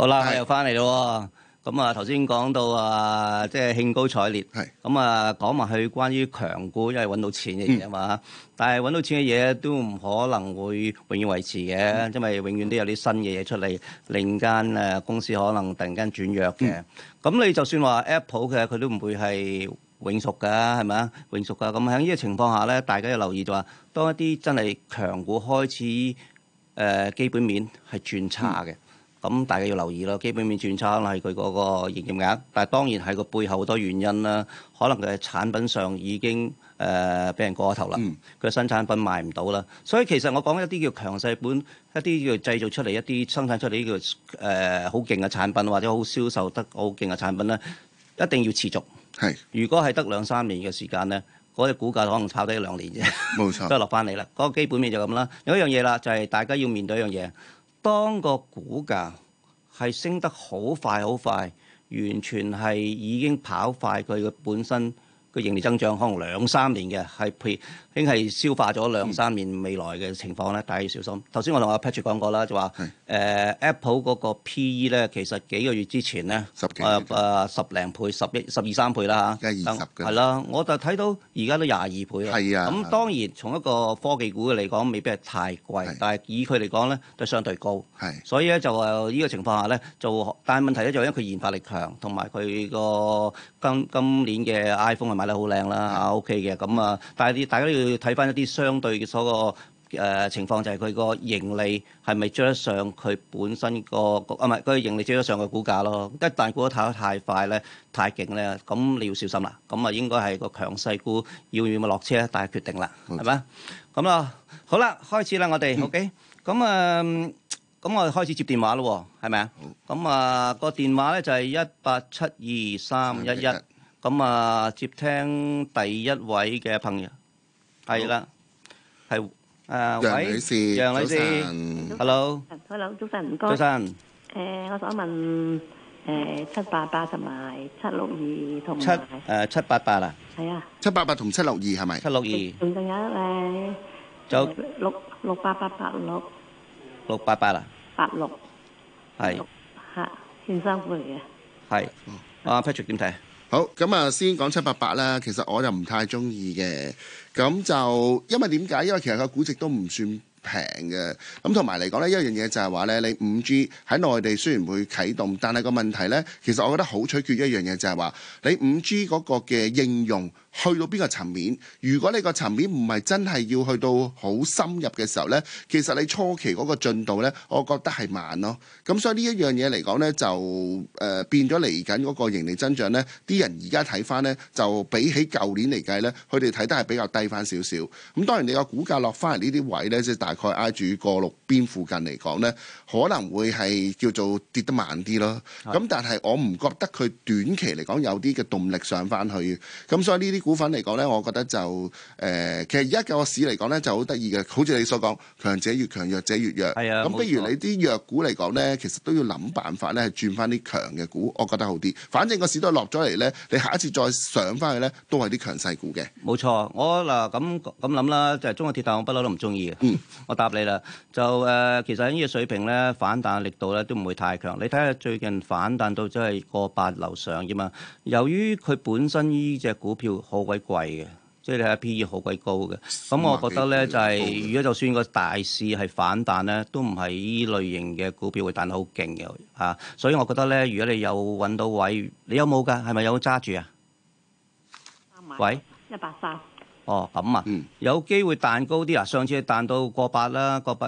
好啦，又翻嚟咯。咁啊，頭先講到啊，即係興高采烈。咁啊，講埋佢關於強股，因為揾到錢嘅嘢嘛。但係揾到錢嘅嘢都唔可能會永遠維持嘅，因為永遠都有啲新嘅嘢出嚟，另間啊公司可能突然間轉弱嘅。咁你就算話 Apple 嘅，佢都唔會係永續㗎，係咪啊？永續㗎。咁喺呢個情況下咧，大家要留意就話，當一啲真係強股開始誒基本面係轉差嘅。咁大家要留意咯，基本面轉差啦，係佢嗰個營業額。但係當然係個背後好多原因啦，可能佢嘅產品上已經誒俾、呃、人過咗頭啦，佢嘅新產品賣唔到啦。嗯、所以其實我講一啲叫強勢本，一啲叫製造出嚟、一啲生產出嚟叫誒好勁嘅產品，或者好銷售得好勁嘅產品咧，一定要持續。係是。如果係得兩三年嘅時間咧，嗰、那、隻、個、股價可能炒低一兩年啫，冇錯，都係落翻嚟啦。 嗰個基本面就咁啦。有一樣嘢啦，就係大家要面對一樣嘢，當個股價。係升得好快，好快，完全係已經跑快佢本身。盈利增長可能兩三年嘅，係譬如已經係消化咗兩三年未來嘅情況咧，嗯、大家要小心。頭先我同阿 Pat 講過啦，就話誒係、欸、Apple 嗰個 PE 咧，其實幾個月之前咧十幾倍、呃，十零倍、十零倍、十一、十二三倍啦嚇，係啦，我就睇到而家都廿二倍係啊。咁當然從一個科技股嘅嚟講，未必係太貴，係但係以佢嚟講咧，都相對高。係所以咧就係呢個情況下咧，就但係問題咧就因為佢研發力強，同埋佢個今今年嘅 iPhone 係賣。好靚啦，OK 嘅咁啊！但係大家都要睇翻一啲相對嘅所個誒情況，就係佢個盈利係咪追得上佢本身個啊？唔係佢嘅盈利追得上個股價咯。一旦股都炒得太快咧、太勁咧，咁你要小心啦。咁啊，應該係個強勢股要唔要落車，大家決定啦，係咪？咁啦，好啦，開始啦，我哋 OK。咁啊，咁我哋開始接電話咯，係咪啊？咁啊，個電話咧就係一八七二三一一。咁啊！接聽第一位嘅朋友係啦，係誒，楊女士，早晨，Hello，Hello，早晨唔該，早晨，誒，我想問誒，七八八同埋七六二同七誒，七八八啦，係啊，七八八同七六二係咪？七六二仲仲有一位，就六六八八八六，六八八啦，八六係吓，先生嚟嘅，係阿 Patrick 點睇？好咁啊，先講七八八啦。其實我就唔太鍾意嘅，咁就因為點解？因為其實個估值都唔算平嘅。咁同埋嚟講呢一樣嘢就係話呢：你五 G 喺內地雖然會啟動，但係個問題呢，其實我覺得好取決一樣嘢就係話，你五 G 嗰個嘅應用。去到邊個層面？如果你個層面唔係真係要去到好深入嘅時候咧，其實你初期嗰個進度咧，我覺得係慢咯。咁所以呢一樣嘢嚟講咧，就誒、呃、變咗嚟緊嗰個盈利增長咧，啲人而家睇翻咧，就比起舊年嚟計咧，佢哋睇得係比較低翻少少。咁當然你個股價落翻嚟呢啲位咧，即、就、係、是、大概挨住個六邊附近嚟講咧，可能會係叫做跌得慢啲咯。咁的但係我唔覺得佢短期嚟講有啲嘅動力上翻去。咁所以呢啲。股份嚟講咧，我覺得就誒、呃，其實而家個市嚟講咧就好得意嘅，好似你所講，強者越強，弱者越弱。係啊，咁不比如錯你啲弱股嚟講咧，的其實都要諗辦法咧，轉翻啲強嘅股，我覺得好啲。反正個市都係落咗嚟咧，你下一次再上翻去咧，都係啲強勢股嘅。冇錯，我嗱咁咁諗啦，就係、是、中國鐵塔，我不嬲都唔中意嘅。嗯，我答你啦，就誒、呃，其實喺呢個水平咧，反彈力度咧都唔會太強。你睇下最近反彈到即係個八樓上啫嘛。由於佢本身呢隻股票好鬼貴嘅，即係你睇 P/E 好鬼高嘅，咁我覺得呢，就係、是，如果就算個大市係反彈呢，都唔係依類型嘅股票會彈得好勁嘅啊，所以我覺得呢，如果你有揾到位，你有冇㗎？係咪有揸住啊？對喂，一百三。哦，咁啊，有機會彈高啲啊！上次彈到過百啦，過百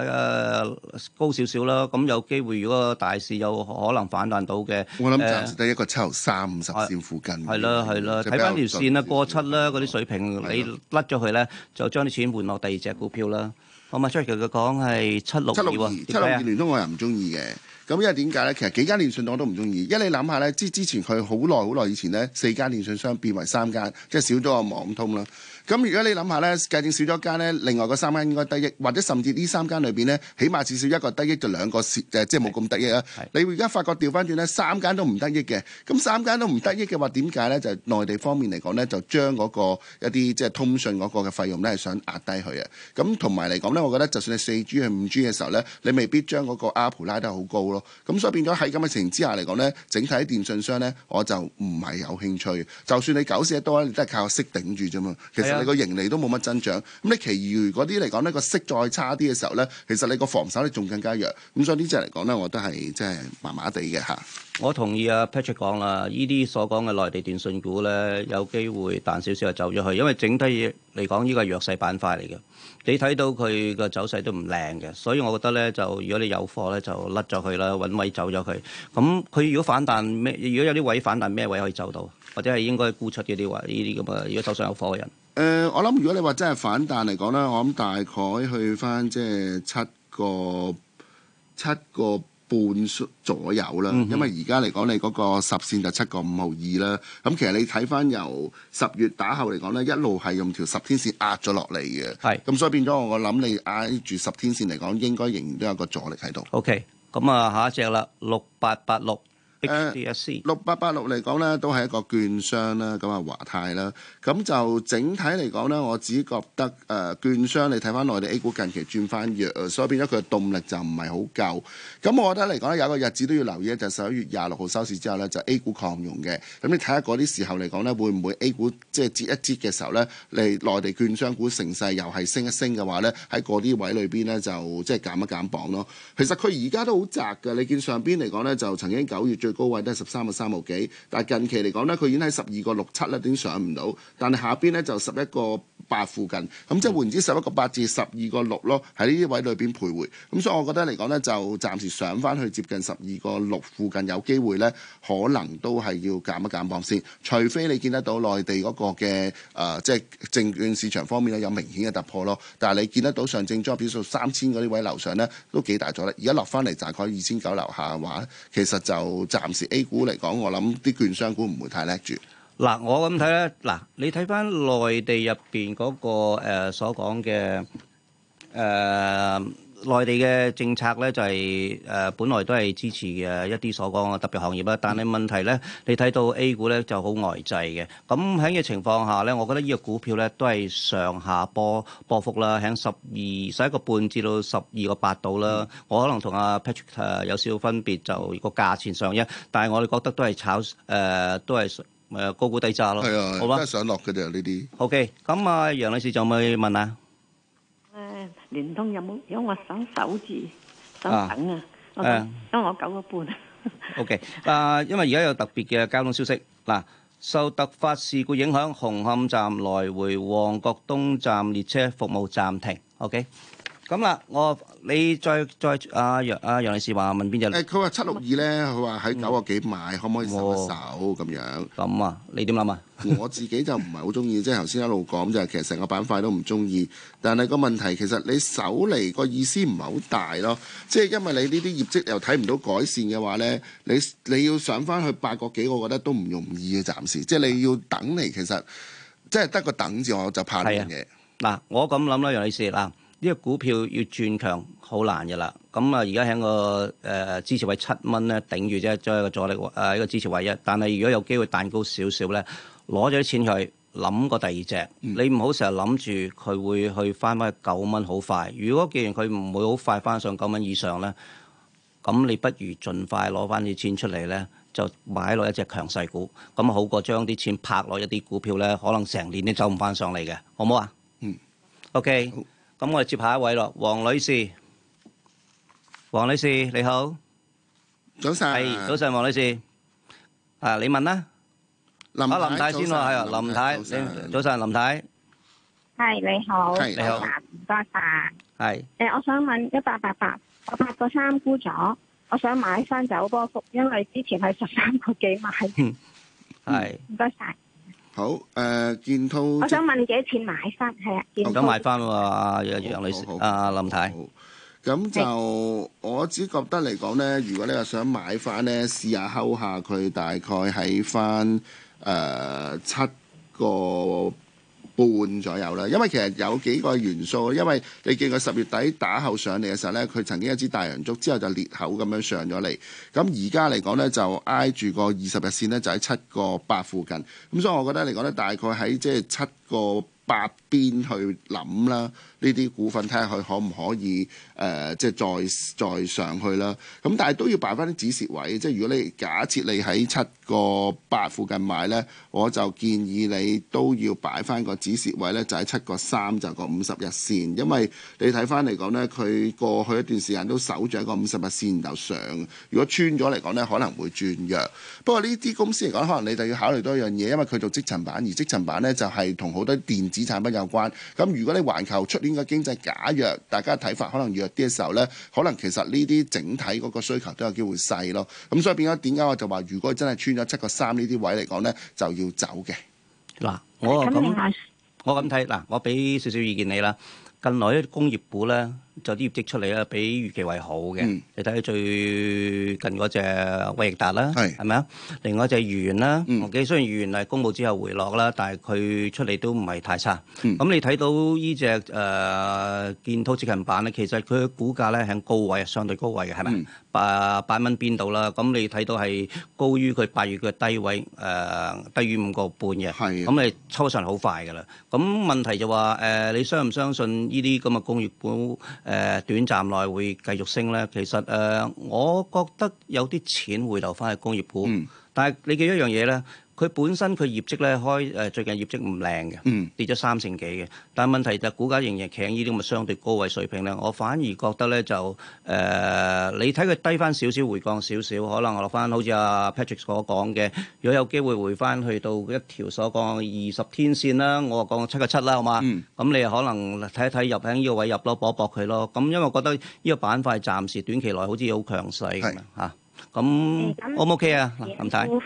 高少少啦，咁有機會如果大市有可能反彈到嘅，我諗暫時得一個七毫三十線附近。係咯係咯，睇翻條線啊，過七啦，嗰啲水平你甩咗佢咧，就將啲錢換落第二隻股票啦。好唔好？崔傑佢講係七六二，七六二聯通我又唔中意嘅，咁因為點解咧？其實幾間電信我都唔中意，因為你諗下咧，之之前佢好耐好耐以前咧，四間電信商變為三間，即係少咗個網通啦。咁如果你諗下呢，計定少咗間呢，另外嗰三間應該得益，或者甚至呢三間裏邊呢，起碼至少一個得益，就兩個即係冇咁得益啊。你而家發覺調翻轉呢，三間都唔得益嘅，咁三間都唔得益嘅話，點解呢？就內地方面嚟講呢，就將嗰個一啲即係通訊嗰個嘅費用呢，係，想壓低佢啊。咁同埋嚟講呢，我覺得就算你四 G 係五 G 嘅時候呢，你未必將嗰個 ARPU 拉得好高咯。咁所以變咗喺咁嘅情形之下嚟講呢，整體電信商呢，我就唔係有興趣。就算你九四一多，你都係靠息頂住啫嘛。其實。你個盈利都冇乜增長，咁咧，其餘嗰啲嚟講咧，呢個息再差啲嘅時候呢，其實你個防守咧仲更加弱，咁所以呢隻嚟講呢，我都係即係麻麻地嘅嚇。我同意啊 Patrick 講啦，呢啲所講嘅內地電信股呢，有機會彈少少就走咗去，因為整體嚟講，呢個弱勢板塊嚟嘅。你睇到佢個走勢都唔靚嘅，所以我覺得呢，就如果你有貨呢，就甩咗佢啦，揾位走咗佢。咁佢如果反彈咩？如果有啲位反彈咩位可以走到，或者係應該沽出嗰啲位，呢啲咁啊？如果手上有貨嘅人。誒、呃，我諗如果你話真係反彈嚟講咧，我諗大概去翻即係七個七個半左右啦。嗯、哼因為而家嚟講，你嗰個十線就七個五毫二啦。咁其實你睇翻由十月打後嚟講呢，一路係用條十天線壓咗落嚟嘅。係是。咁所以變咗我我諗你挨住十天線嚟講，應該仍然都有個阻力喺度。OK，咁、嗯、啊下一隻啦，六八八六。六八八六嚟講呢，都係一個券商啦，咁啊華泰啦，咁就整體嚟講呢，我只覺得誒、呃、券商你睇翻內地 A 股近期轉翻弱，所以變咗佢嘅動力就唔係好夠。咁我覺得嚟講呢，有一個日子都要留意，就十一月廿六號收市之後呢，就 A 股擴容嘅。咁你睇下嗰啲時候嚟講呢，會唔會 A 股即係跌一跌嘅時候呢？嚟內地券商股成勢又係升一升嘅話呢，喺嗰啲位裏邊呢，就即係減一減磅咯。其實佢而家都好窄㗎，你見上邊嚟講呢，就曾經九月高位都係十三個三毫幾，但係近期嚟講呢，佢已經喺十二個六七咧，已經上唔到。但係下邊呢，就十一個八附近，咁即係換言之，十一個八至十二個六咯，喺呢啲位裏邊徘徊。咁所以，我覺得嚟講呢，就暫時上翻去接近十二個六附近，有機會呢，可能都係要減一減磅先，除非你見得到內地嗰個嘅誒、呃，即係證券市場方面咧有明顯嘅突破咯。但係你見得到上證綜合指數三千嗰啲位樓上呢，都幾大咗啦。而家落翻嚟大概二千九樓下話，其實就。暫時 A 股嚟講，我諗啲券商股唔會太叻住。嗱，我咁睇咧，嗱，你睇翻內地入邊嗰個、呃、所講嘅誒。呃內地嘅政策咧就係、是、誒、呃，本來都係支持嘅一啲所講嘅特別行業啦。但係問題咧，嗯、你睇到 A 股咧就好呆滯嘅。咁喺嘅情況下咧，我覺得呢個股票咧都係上下波波幅啦，喺十二十一個半至到十二個八度啦。嗯、我可能同阿 Patrick 有少少分別，就個價錢上一，但係我哋覺得都係炒誒、呃，都係誒高估低揸咯。係啊，都係上落嘅啫呢啲。OK，咁啊，楊女士就問下啊？聯通有冇？因為我想守住，想等啊。我我九個半。OK，啊，因為而家有特別嘅交通消息。嗱，受突發事故影響，紅磡站來回旺角東站列車服務暫停。OK。咁啦，我你再再阿楊阿楊女士話問邊隻？誒，佢話七六二咧，佢話喺九啊幾買，可唔可以收一手咁樣？咁啊，你點諗啊？我自己就唔係好中意，即係頭先一路講就係，其實成個板塊都唔中意。但係個問題，其實你收嚟個意思唔係好大咯。即係因為你呢啲業績又睇唔到改善嘅話咧，你你要上翻去八個幾，我覺得都唔容易嘅。暫時，即係你要等嚟，其實即係得個等字，我就怕嘅。嗱，我咁諗啦，楊女士啊。呢個股票要轉強好難嘅啦，咁啊而家喺個誒、呃、支持位七蚊咧，頂住即係，將一個阻力誒、呃、一個支持位一。但係如果有機會彈高少少咧，攞咗啲錢去諗個第二隻，嗯、你唔好成日諗住佢會去翻翻去九蚊好快。如果既然佢唔會好快翻上九蚊以上咧，咁你不如盡快攞翻啲錢出嚟咧，就買落一隻強勢股，咁好過將啲錢拍落一啲股票咧，可能成年都走唔翻上嚟嘅，好唔、嗯、好啊？嗯，OK。咁我哋接下一位咯，黃女士，黃女士你好，早晨，係早晨，黃女士，啊你問啦，阿林太先喎，係啊，林太，早晨林太，係你好，你好，唔該晒，係，誒，我想問一百八八，我八個三沽咗，我想買翻走波幅，因為之前係十三個幾買，嗯，係，唔該晒。好，誒、呃，建滔，我想問幾多錢買翻？係啊，建滔 Okay. 買翻喎、啊，阿楊女士，阿、啊、林太，咁就是我只覺得嚟講咧，如果你話想買翻咧，試下睺下佢，大概喺翻誒七個半左右啦，因為其實有幾個元素，因為你見佢十月底打後上嚟嘅時候咧，佢曾經一支大陽燭之後就裂口咁樣上咗嚟，咁而家嚟講咧就挨住個二十日線咧就喺七個八附近，咁所以我覺得嚟講咧大概喺即係七個。八邊去諗啦，呢啲股份睇下佢可唔可以誒、呃，即係再再上去啦。咁但係都要擺翻啲止蝕位，即係如果你假設你喺七個八附近買呢，我就建議你都要擺翻個止蝕位呢，就喺七個三，就個五十日線，因為你睇翻嚟講呢，佢過去一段時間都守住一個五十日線度上。如果穿咗嚟講呢，可能會轉弱。不過呢啲公司嚟講，可能你就要考慮多一樣嘢，因為佢做積層板，而積層板呢就係同好多電子。資產不有關，咁如果你環球出年嘅經濟假若大家睇法可能弱啲嘅時候呢，可能其實呢啲整體嗰個需求都有機會細咯。咁所以變咗點解我就話，如果真係穿咗七個三呢啲位嚟講呢，就要走嘅。嗱、啊，我咁、啊，我咁睇，嗱，我俾少少意見你啦。近來啲工業股呢。就啲業績出嚟啦，比預期為好嘅。嗯、你睇最近嗰隻威屹達啦，係咪啊？另外一隻裕元啦，嗯、我記得雖然裕元係公布之後回落啦，但係佢出嚟都唔係太差。咁、嗯、你睇到呢隻誒建滔積層板咧，其實佢股價咧喺高位，相對高位嘅係咪？八八蚊邊度啦？咁你睇到係高於佢八月嘅低位，誒、呃、低於五個半嘅。咁的你抽上好快㗎啦。咁問題就話、是、誒、呃，你相唔相信呢啲咁嘅工業股？誒、呃、短暫內會繼續升咧，其實，誒、呃，我覺得有啲錢會流翻去工業股，嗯、但係你記一樣嘢咧。佢本身佢業績咧，開誒最近業績唔靚嘅，嗯、跌咗三成幾嘅。但係問題就股價仍然企喺呢啲咁嘅相對高位水平咧。我反而覺得咧就誒、呃，你睇佢低翻少少，回降少少，可能我落翻好似阿、啊、Patrick 所講嘅，如果有機會回翻去到一條所講嘅二十天線啦，我講七個七啦，好嘛、嗯？咁你可能睇一睇入喺呢個位入咯，搏搏佢咯。咁因為我覺得呢個板塊暫時短期內好似好強勢咁啊。咁 O 唔 O K 啊？咁睇。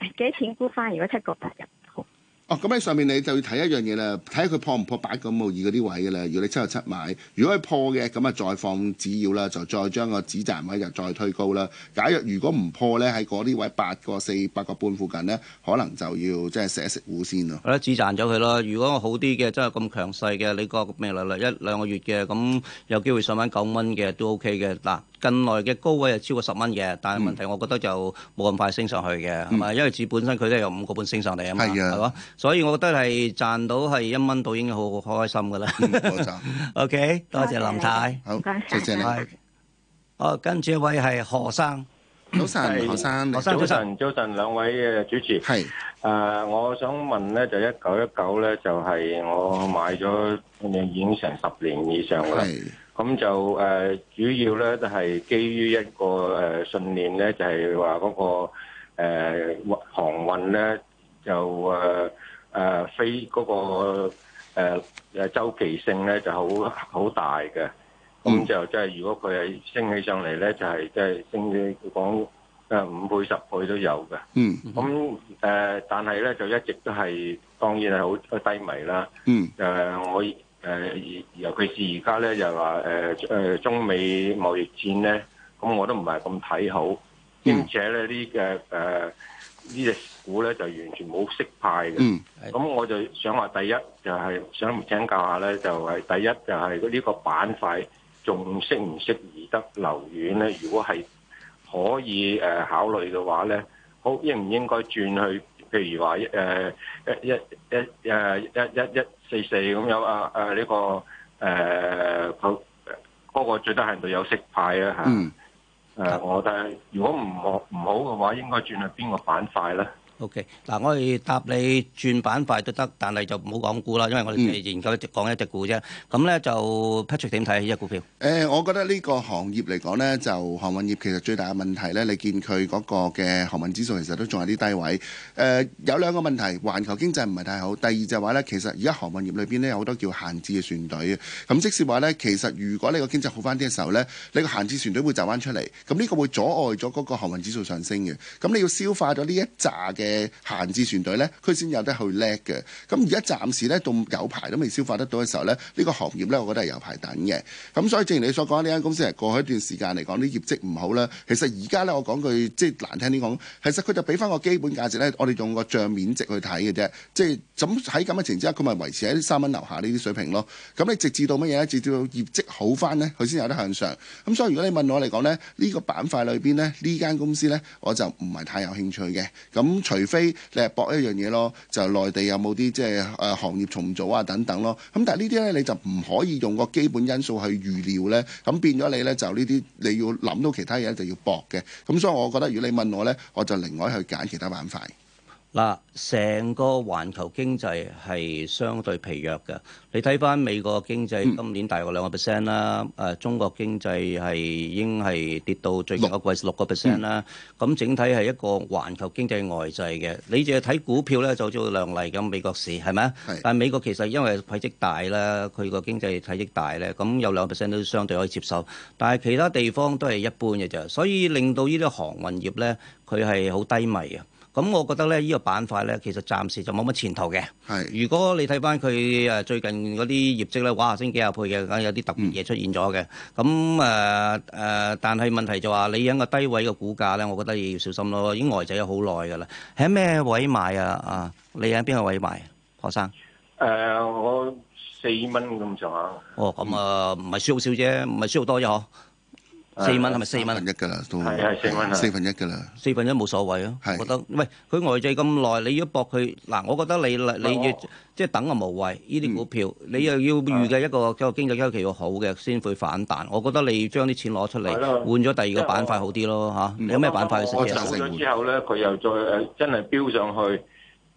幾錢估翻？如果七個八日，好哦。咁喺上面你就要睇一樣嘢啦，睇下佢破唔破八個冇二嗰啲位嘅啦。如果你七十七買，如果佢破嘅，咁啊再放止腰啦，就再將個止賺位就再推高啦。假如如果唔破咧，喺嗰啲位八個四、八個半附近咧，可能就要即係食一食糊先咯。係啦，止賺咗佢咯。如果我好啲嘅，真係咁強勢嘅，你個咩嚟嚟一兩個月嘅，咁有機會上翻九蚊嘅都 OK 嘅，嗱。近來嘅高位係超過十蚊嘅，但係問題，我覺得就冇咁快升上去嘅，係嘛？因為股本身佢都有五個半升上嚟啊嘛，係嘛？所以我覺得係賺到係一蚊到已經好開心噶啦。我賺 OK，多謝林太。好，唔該曬，多謝你。好，跟住一位係何生，早晨何生，早晨早晨，兩位嘅主持係。誒，我想問咧，就一九一九咧，就係我買咗，誒已經成十年以上啦。咁就誒、呃、主要咧都係基於一個誒、呃、信念咧，就係話嗰個、呃、航運咧就誒誒飛嗰個誒誒、呃、週期性咧就好好大嘅。咁就即係如果佢係升起上嚟咧，就係即係升起講誒五倍十倍都有嘅。嗯。咁誒、呃，但係咧就一直都係當然係好低迷啦。嗯。誒、呃、我。誒、呃，尤其是而家咧就話誒誒中美貿易戰咧，咁、嗯、我都唔係咁睇好，兼且咧呢嘅誒、這個呃這個、呢隻股咧就完全冇息派嘅。咁、嗯、我就想話第一就係想請教下咧，就係、是就是、第一就係、是、呢個板塊仲適唔適宜得留遠咧？如果係可以誒、呃、考慮嘅話咧，好應唔應該轉去？譬如話，誒、嗯，一一一誒，一一一四四咁樣啊，誒呢個誒，個最低限度有色派啊吓。誒，我覺得，如果唔唔好嘅話，應該轉去邊個板塊咧？OK，嗱，我哋答你轉板塊都得，但係就唔好講股啦，因為我哋研究一隻、嗯、講一隻股啫。咁呢就 Patrick 點睇呢隻股票？誒、呃，我覺得呢個行業嚟講呢，就航運業其實最大嘅問題呢，你見佢嗰個嘅航運指數其實都仲係啲低位。誒、呃，有兩個問題，環球經濟唔係太好。第二就係話呢，其實而家航運業裏邊呢，有好多叫閒置嘅船隊嘅。咁即使話呢，其實如果你個經濟好翻啲嘅時候呢，你個閒置船隊會走翻出嚟，咁呢個會阻礙咗嗰個航運指數上升嘅。咁你要消化咗呢一紮嘅。嘅閒置船隊呢，佢先有得去叻嘅。咁而家暫時呢，到有排都未消化得到嘅時候呢，呢個行業呢，我覺得係有排等嘅。咁所以正如你所講，呢間公司係過去一段時間嚟講，啲業績唔好啦。其實而家呢，我講句即係難聽啲講，其實佢就俾翻個基本價值呢，我哋用個帳面值去睇嘅啫。即係咁喺咁嘅情況之下，佢咪維持喺三蚊樓下呢啲水平咯。咁你直至到乜嘢呢？直至到業績好翻呢，佢先有得向上。咁所以如果你問我嚟講呢，呢個板塊裏邊呢，呢間公司呢，我就唔係太有興趣嘅。咁除非你係搏一樣嘢咯，就係內地有冇啲即係誒行業重組啊等等咯。咁但係呢啲咧你就唔可以用個基本因素去預料咧。咁變咗你咧就呢啲你要諗到其他嘢就要搏嘅。咁所以我覺得，如果你問我咧，我就另外去揀其他板塊。嗱，成個環球經濟係相對疲弱嘅。你睇翻美國經濟今年大約兩個 percent 啦，誒、嗯啊、中國經濟係已經係跌到最近、嗯啊、一個季六個 percent 啦。咁整體係一個環球經濟外滯嘅。你淨係睇股票咧，就好似好亮麗咁，美國市係咪？是但係美國其實因為體積大啦，佢個經濟體積大咧，咁有兩個 percent 都相對可以接受。但係其他地方都係一般嘅啫，所以令到呢啲航運業咧，佢係好低迷嘅。咁我覺得咧，呢個板塊咧，其實暫時就冇乜前途嘅。係是，如果你睇翻佢誒最近嗰啲業績咧，哇，先幾十倍嘅，咁有啲特別嘢出現咗嘅。咁誒誒，但係問題就話、是、你喺個低位嘅股價咧，我覺得要小心咯。已經呆滯咗好耐㗎啦。喺咩位買啊？買啊，你喺邊個位買？學生誒，我四蚊咁上下。哦，咁啊，唔係、嗯呃、輸好少啫，唔係輸好多啫，好。四蚊係咪四蚊？四分一㗎啦，都四分一。四分一冇所謂咯，是覺得喂，佢外滯咁耐，你要搏佢嗱，我覺得你你要即係、哦、等就無謂。呢啲股票、嗯、你又要預計一個、嗯、經濟周期要好嘅先會反彈。我覺得你要將啲錢攞出嚟的換咗第二個板塊好啲咯嚇。嗯、有咩板塊去？我查好咗之後咧，佢又再誒、uh，真係飆上去，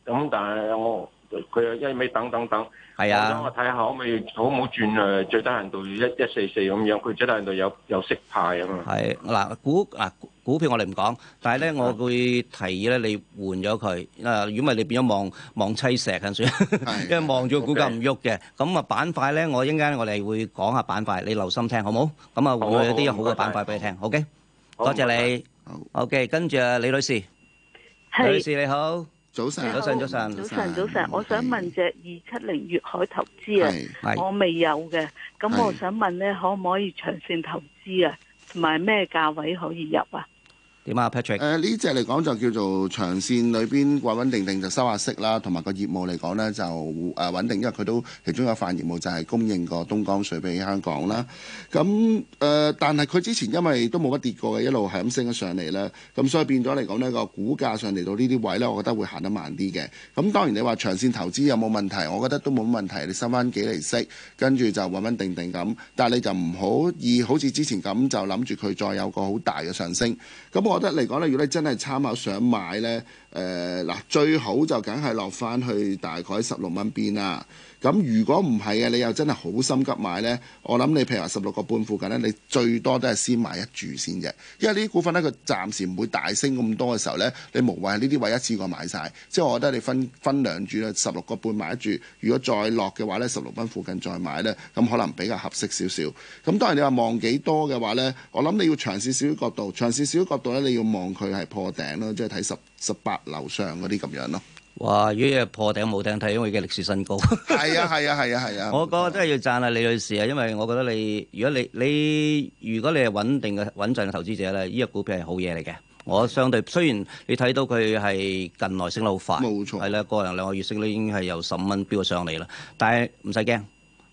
咁、嗯、但係我佢又一味等等等。等等等等。係啊，我睇下可唔可以好唔好轉誒，最低限度一一四四咁樣，佢最低限度有有息派啊嘛。係嗱股嗱股票我哋唔講，但係咧我會提議咧你換咗佢誒，如果唔係你變咗望望砌石咁樣，因為望住個股價唔喐嘅。咁啊板塊咧，我一陣間我哋會講下板塊，你留心聽好冇？咁啊會有啲好嘅板塊俾你聽。OK，多謝你。OK，跟住啊李女士，李女士你好。早晨，早晨，早晨，早晨。早晨，我想問隻二七零粵海投資啊，是我未有嘅，咁是我想問咧，的可唔可以長線投資啊？同埋咩價位可以入啊？點啊，Patrick？誒呢隻嚟講就叫做長線裏邊穩穩定定就收下息啦，同埋個業務嚟講呢，就誒穩定，因為佢都其中一份業務就係供應個東江水俾香港啦。咁誒，但係佢之前因為都冇乜跌過嘅，一路係咁升咗上嚟咧。咁所以變咗嚟講呢個股價上嚟到呢啲位呢，我覺得會行得慢啲嘅。咁當然你話長線投資有冇問題？我覺得都冇乜問題。你收翻幾厘息，跟住就穩穩定定咁。但係你就唔好以好似之前咁就諗住佢再有個好大嘅上升咁。我覺得嚟講咧，如果你真係參考想買咧，誒、呃、嗱，最好就梗係落翻去大概十六蚊邊啦。咁如果唔係嘅，你又真係好心急買呢。我諗你譬如話十六個半附近呢，你最多都係先買一注先嘅，因為呢啲股份呢，佢暫時唔會大升咁多嘅時候呢，你無謂係呢啲位一次過買晒。即係我覺得你分分兩注啦，十六個半買一注，如果再落嘅話呢，十六分附近再買呢，咁可能比較合適點點少少。咁當然你話望幾多嘅話呢，我諗你要長線少啲角度，長線少啲角度呢，你要望佢係破頂咯，即係睇十十八樓上嗰啲咁樣咯。哇！呢日破頂冇頂睇，因為嘅歷史新高。係啊係啊係啊係啊！啊啊啊 我覺得真係要讚下李女士啊，因為我覺得你，如果你你如果你係穩定嘅穩陣嘅投資者咧，呢、這個股票係好嘢嚟嘅。我相對雖然你睇到佢係近來升得好快，冇錯，係啦、啊，過兩兩個月升咧已經係由十五蚊飆上嚟啦，但係唔使驚。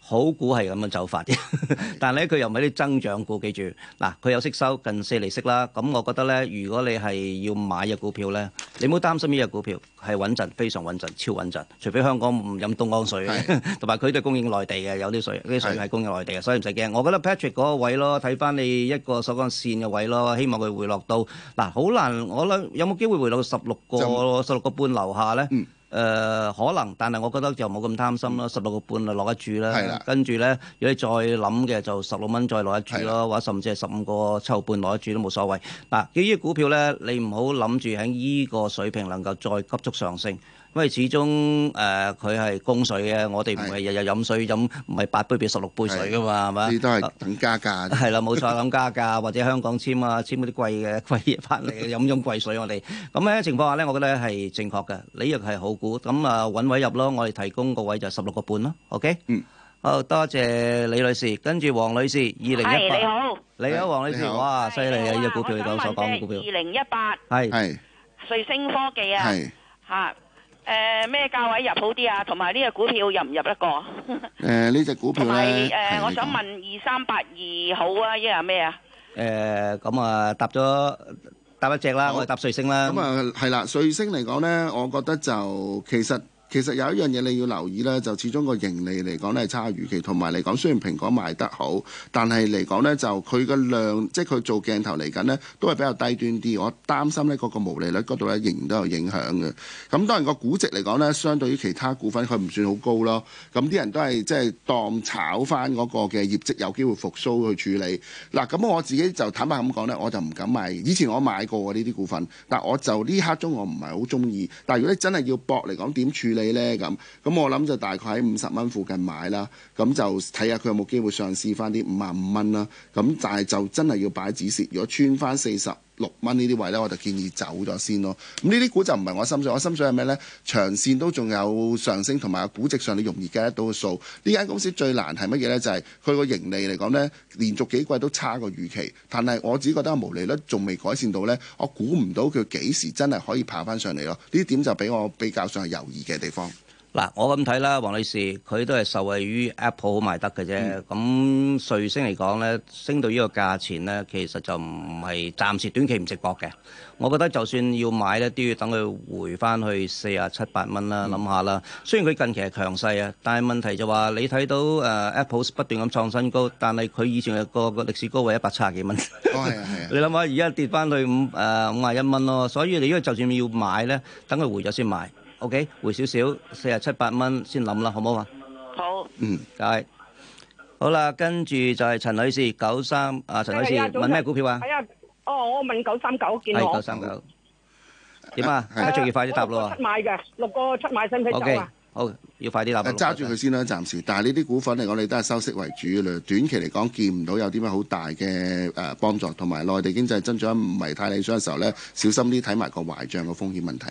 好股係咁樣走法嘅。 但係咧佢又唔係啲增長股，記住。嗱，佢有息收，近四釐息啦。咁我覺得咧，如果你係要買嘅股票咧，你唔好擔心，呢隻股票係穩陣，非常穩陣，超穩陣。除非香港唔飲東江水，同埋佢都係供應內地嘅，有啲水，啲水係供應內地嘅。是的 所以唔使驚。我覺得 Patrick 嗰個位咯，睇翻你一個所講線嘅位咯，希望佢回落到。嗱，好難。我諗有冇機會回落到十六個，十六沒個半樓下咧？嗯誒，、呃、可能，但係我覺得就冇咁貪心咯，十六個半就落一注啦。係啦。跟住咧，如果你再諗嘅就十六蚊再落一注咯，係啦。或者甚至係十五個七號半落一注都冇所謂。嗱、啊，基於股票咧，你唔好諗住喺依個水平能夠再急速上升。因為始終誒，佢係供水嘅，我哋唔係日日飲水飲，唔係八杯變十六杯水噶嘛，係嘛？呢都係等加價。係啦，冇錯，等加價或者香港簽啊，簽嗰啲貴嘅貴嘢翻嚟，飲飲貴水我哋。咁咧情況下咧，我覺得係正確嘅，你亦係好股，咁啊揾位入咯，我哋提供個位就十六個半咯，OK？嗯，好，多謝李女士，跟住黃女士，二零一八，你好，你好，黃女士，哇，犀利啊，呢個股票你講所講嘅股票，二零一八，係，係，瑞星科技啊，係，吓。誒，咩價、呃、位入好啲啊？同埋呢隻股票入唔入得過？誒、呃，呢隻股票咧，同埋誒，呃、我想問二三八二好啊？因、呃、為咩啊？誒，咁啊，搭咗搭一隻啦，哦、我哋搭瑞星啦。咁啊、哦，係啦、嗯，瑞星嚟講咧，我覺得就其實。其實有一樣嘢你要留意咧，就始終個盈利嚟講咧係差預期，同埋嚟講雖然蘋果賣得好，但係嚟講咧就佢嘅量，即係佢做鏡頭嚟緊呢，都係比較低端啲，我擔心咧嗰個毛利率嗰度咧仍然都有影響嘅。咁當然個估值嚟講咧，相對於其他股份佢唔算好高咯。咁啲人都係即係當炒翻嗰個嘅業績有機會復甦去處理。嗱，咁我自己就坦白咁講咧，我就唔敢買。以前我買過呢啲股份，但我就呢刻中我唔係好中意。但如果你真係要搏嚟講點處理？你咧咁，咁我諗就大概喺五十蚊附近買啦，咁就睇下佢有冇機會嘗試翻啲五萬五蚊啦，咁但係就真係要擺止蝕，如果穿翻四十六蚊呢啲位呢，我就建議走咗先咯。咁呢啲股就唔係我心水，我心水係咩呢？長線都仲有上升，同埋估值上你容易計得到嘅數。呢間公司最難係乜嘢呢？就係佢個盈利嚟講呢，連續幾季都差過預期。但係我自己覺得毛利率仲未改善到呢。我估唔到佢幾時真係可以爬翻上嚟咯。呢點就俾我比較上係猶豫嘅地方。嗱，我咁睇啦，黃女士，佢都係受惠於 Apple 好賣得嘅啫。咁瑞聲嚟講咧，升到個價呢個價錢咧，其實就唔係暫時短期唔值博嘅。我覺得就算要買咧，都要等佢回翻去四啊七八蚊啦，諗下啦。嗯、雖然佢近期係強勢啊，但係問題就話你睇到誒、呃、Apple 不斷咁創新高，但係佢以前個個歷史高位一百七十幾蚊，哦、 你諗下，而家跌翻去五誒五啊一蚊咯。所以你因為就算要買咧，等佢回咗先買。OK，回少少四十七八蚊先諗啦，好唔好啊？好。嗯，好。好啦，跟住就係陳女士九三啊，陳女士問咩股票啊？係啊，哦，我問九三九見我。係九三九。點啊？而家仲要快啲答咯啊！七買嘅六個七買，使唔使答啊？OK。好，要快啲答。揸住佢先啦，暫時。但係呢啲股份嚟講，你都係收息為主嘅，短期嚟講見唔到有啲咩好大嘅誒幫助，同埋內地經濟增長唔係太理想嘅時候咧，小心啲睇埋個壞賬個風險問題。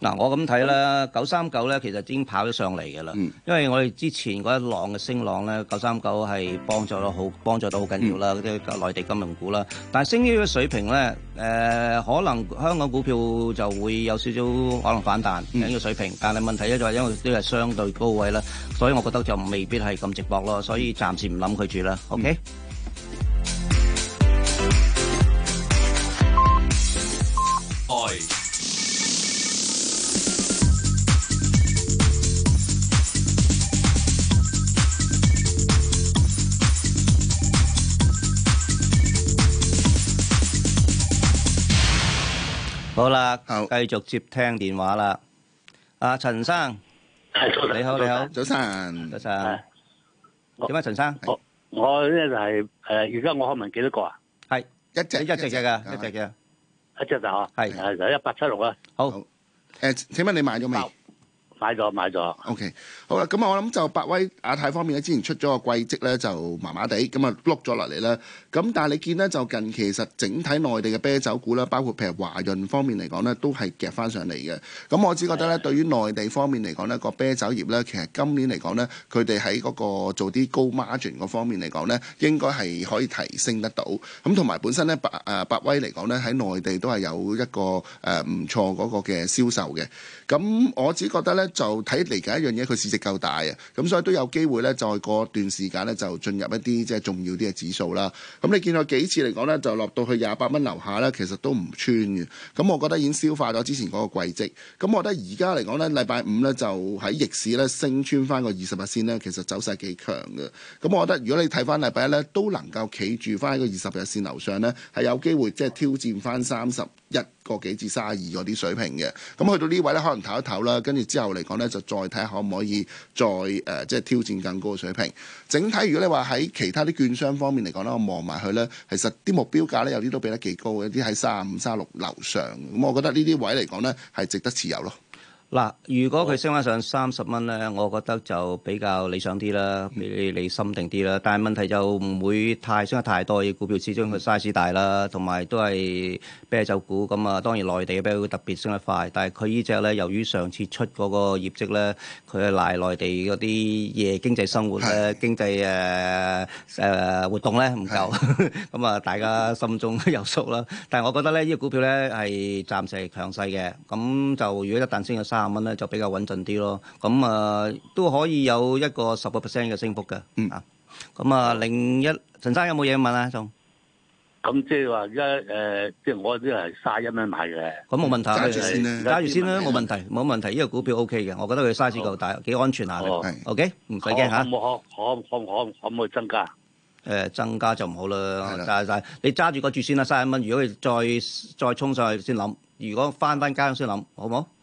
嗱，我咁睇啦，九三九咧，其實已經跑咗上嚟嘅啦。因為我哋之前嗰一浪嘅升浪咧，九三九係幫助到好，幫助到好緊要啦，嗰啲內地金融股啦。但係升呢個水平咧，誒可能香港股票就會有少少可能反彈，呢個水平。但係問題咧就係因為啲係相對高位啦，所以我覺得就未必係咁值博咯，所以暫時唔諗佢住啦。OK？好啦，繼續接聽電話啦。阿陳生，你好，你好，早晨，早晨。點啊，陳生？我咧就係誒，而家我可問幾多個啊？係一隻一隻隻噶，一隻隻，一隻啊？係係一八七六啊。好。誒，請問你買咗未？買咗買咗，OK 好啦，咁啊我諗就百威亞太方面咧，之前出咗個季績咧就麻麻地，咁啊碌咗落嚟啦。咁但係你見呢，就近期其實整體內地嘅啤酒股咧，包括譬如華潤方面嚟講呢，都係夾翻上嚟嘅。咁我只覺得呢，對於內地方面嚟講呢，個啤酒業呢，其實今年嚟講呢，佢哋喺嗰個做啲高 margin 嗰方面嚟講呢，應該係可以提升得到。咁同埋本身呢，百誒百威嚟講呢，喺內地都係有一個誒唔錯嗰個嘅銷售嘅。咁我只覺得呢。就睇嚟緊一樣嘢，佢市值夠大啊！咁所以都有機會咧，再過段時間咧，就進入一啲即係重要啲嘅指數啦。咁你見到幾次嚟講咧，就落到去廿八蚊樓下咧，其實都唔穿嘅。咁我覺得已經消化咗之前嗰個季績。咁我覺得而家嚟講咧，禮拜五咧就喺逆市咧升穿翻個二十日線咧，其實走勢幾強嘅。咁我覺得如果你睇翻禮拜一咧，都能夠企住翻喺個二十日線樓上咧，係有機會即係挑戰翻三十一個幾至三十二嗰啲水平嘅。咁去到呢位咧，可能唞一唞啦，跟住之後咧。嚟講咧，就再睇下可唔可以再誒、呃，即係挑戰更高嘅水平。整體，如果你話喺其他啲券商方面嚟講咧，我望埋佢咧，其實啲目標價咧有啲都俾得幾高嘅，有啲喺三十五、三十六樓上。咁我覺得呢啲位嚟講咧，係值得持有咯。嗱，如果佢升翻上三十蚊咧，我覺得就比較理想啲啦，你你心定啲啦。但係問題就唔會太升得太多，依個股票始終佢 size 大啦，同埋都係啤酒股。咁啊，當然內地嘅啤酒特別升得快，但係佢依隻咧，由於上次出嗰個業績咧，佢係賴內地嗰啲夜經濟生活咧，經濟誒誒活動咧唔夠，咁啊大家心中有數啦。但係我覺得咧，依個股票咧係暫時係強勢嘅，咁就如果一旦升到三，廿蚊咧就比較穩陣啲咯。咁啊都可以有一個十個 percent 嘅升幅嘅。嗯、就是、啊，咁啊，另一陳生有冇嘢問啊？仲咁即係話一，家即係我啲係卅一蚊買嘅。咁冇問題，揸住先啦，揸住先啦，冇問題，冇問題。因、呢、為、個、股票 O K 嘅，我覺得佢 size 夠大，幾、哦、安全下嘅。O K，唔使驚嚇。可可可可可可唔可以增加？誒、呃，增加就唔好啦。但係但係你揸住個住先啦、啊，卅一蚊。如果佢再再衝上去先諗，如果翻翻家先諗，好唔好？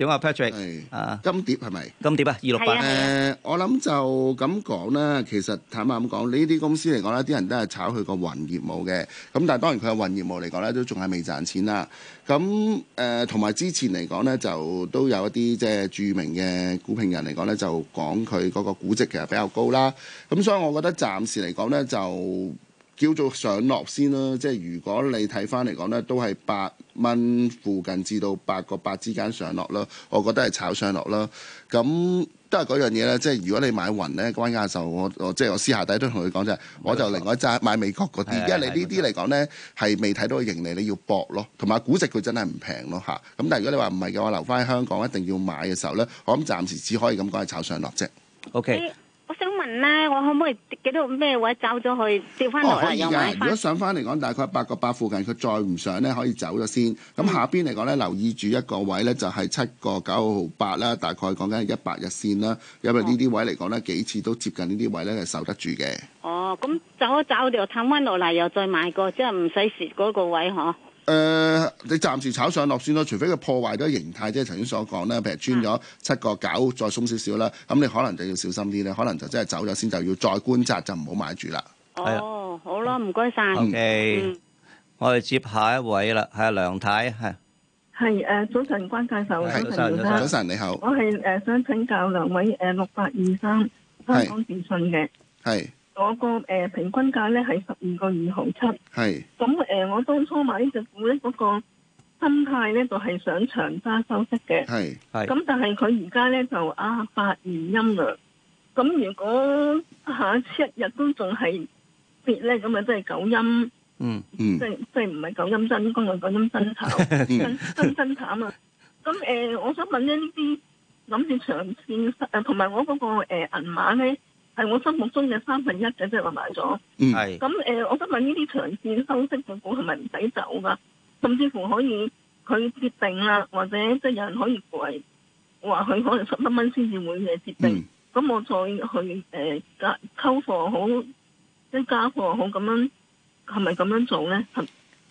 點啊 Patrick？是、呃、金蝶係咪？是是金蝶啊，二六八。我諗就咁講啦。其實坦白咁講，呢啲公司嚟講呢啲人都係炒佢個雲業務嘅。咁但係當然佢個雲業務嚟講呢都仲係未賺錢啦。咁誒，同、呃、埋之前嚟講呢就都有一啲即係著名嘅股評人嚟講呢就講佢嗰個估值其實比較高啦。咁所以，我覺得暫時嚟講呢就，叫做上落先啦，即係如果你睇翻嚟講呢，都係八蚊附近至到八個八之間上落咯。我覺得係炒上落咯。咁都係嗰樣嘢咧，即係如果你買雲呢，關家壽我我即係我私下底都同佢講就係，我就另外揸買美國嗰啲，的因為你呢啲嚟講呢，係未睇到盈利，你要搏咯。同埋估值佢真係唔平咯嚇。咁但係如果你話唔係嘅話，留翻香港一定要買嘅時候呢，我諗暫時只可以咁講係炒上落啫。O K。咧，我可唔可以幾多咩位走咗去，接翻落嚟又如果上翻嚟講，大概八個八附近，佢再唔上咧，可以走咗先。咁下邊嚟講咧，留意住一個位咧，就係七個九號八啦。大概講緊係一百日線啦，因為呢啲位嚟講咧，幾次都接近呢啲位咧係受得住嘅。哦，咁走一走又探翻落嚟，又再買過，即係唔使蝕嗰個位呵？誒、呃，你暫時炒上落算咯，除非佢破壞咗形態，即係頭先所講咧，譬如穿咗七個九，再鬆少少啦，咁你可能就要小心啲咧，可能就真係走咗先，就要再觀察，就唔好買住啦。哦，好啦，唔該晒。O K，我哋接下一位啦，係梁太，係。係誒，早晨關教授，早晨，早晨，早晨你好。我係誒、呃，想請教兩位誒、呃，六八二三，香港電訊嘅。係。我個誒平均價咧係十二個二毫七，係咁誒，我當初買呢隻股咧嗰個心態咧就係想長揸收息嘅，係係咁，但係佢而家咧就啊八二陰啦，咁如果下一日都仲係跌咧，咁啊真係九陰，嗯嗯，即係即係唔係九陰真功啊，九陰真慘，真真真慘啊嘛，咁誒，我想問咧呢啲諗住長線誒，同埋我嗰個誒銀碼咧。係我心目中嘅三分一嘅，即係話買咗。嗯，係。咁誒，我想問呢啲長線收息嘅股係咪唔使走噶？甚至乎可以佢決定啦，或者即係有人可以貴，話佢可能十七蚊先至會嘅決定。咁我再去誒，加溝貨好，即係加貨好咁樣，係咪咁樣做咧？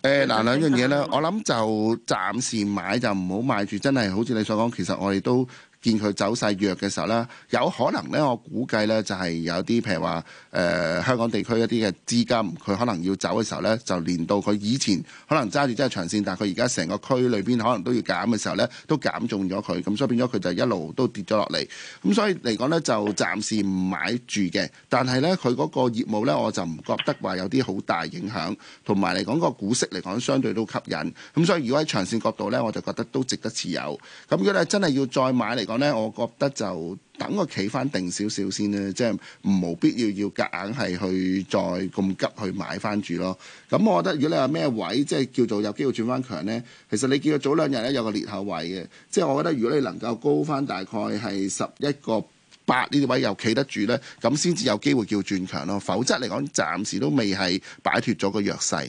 誒，嗱，兩樣嘢咧，我諗就暫時買就唔好買住，真係好似你所講，其實我哋都。見佢走勢弱嘅時候呢，有可能呢，我估計呢，就係有啲譬如話，誒、呃、香港地區一啲嘅資金，佢可能要走嘅時候呢，就連到佢以前可能揸住真係長線，但係佢而家成個區裏邊可能都要減嘅時候呢，都減中咗佢，咁所以變咗佢就一路都跌咗落嚟。咁所以嚟講呢，就暫時唔買住嘅。但係呢，佢嗰個業務呢，我就唔覺得話有啲好大影響。同埋嚟講個股息嚟講，相對都吸引。咁所以如果喺長線角度呢，我就覺得都值得持有。咁如果你真係要再買嚟。我咧，我覺得就等佢企翻定少少先啦，即係冇必要要夾硬係去再咁急去買翻住咯。咁、嗯、我覺得，如果你話咩位即係叫做有機會轉翻強呢，其實你見到早兩日咧有個裂口位嘅，即係我覺得，如果你能夠高翻大概係十一個八呢啲位又企得住呢，咁先至有機會叫轉強咯。否則嚟講，暫時都未係擺脱咗個弱勢。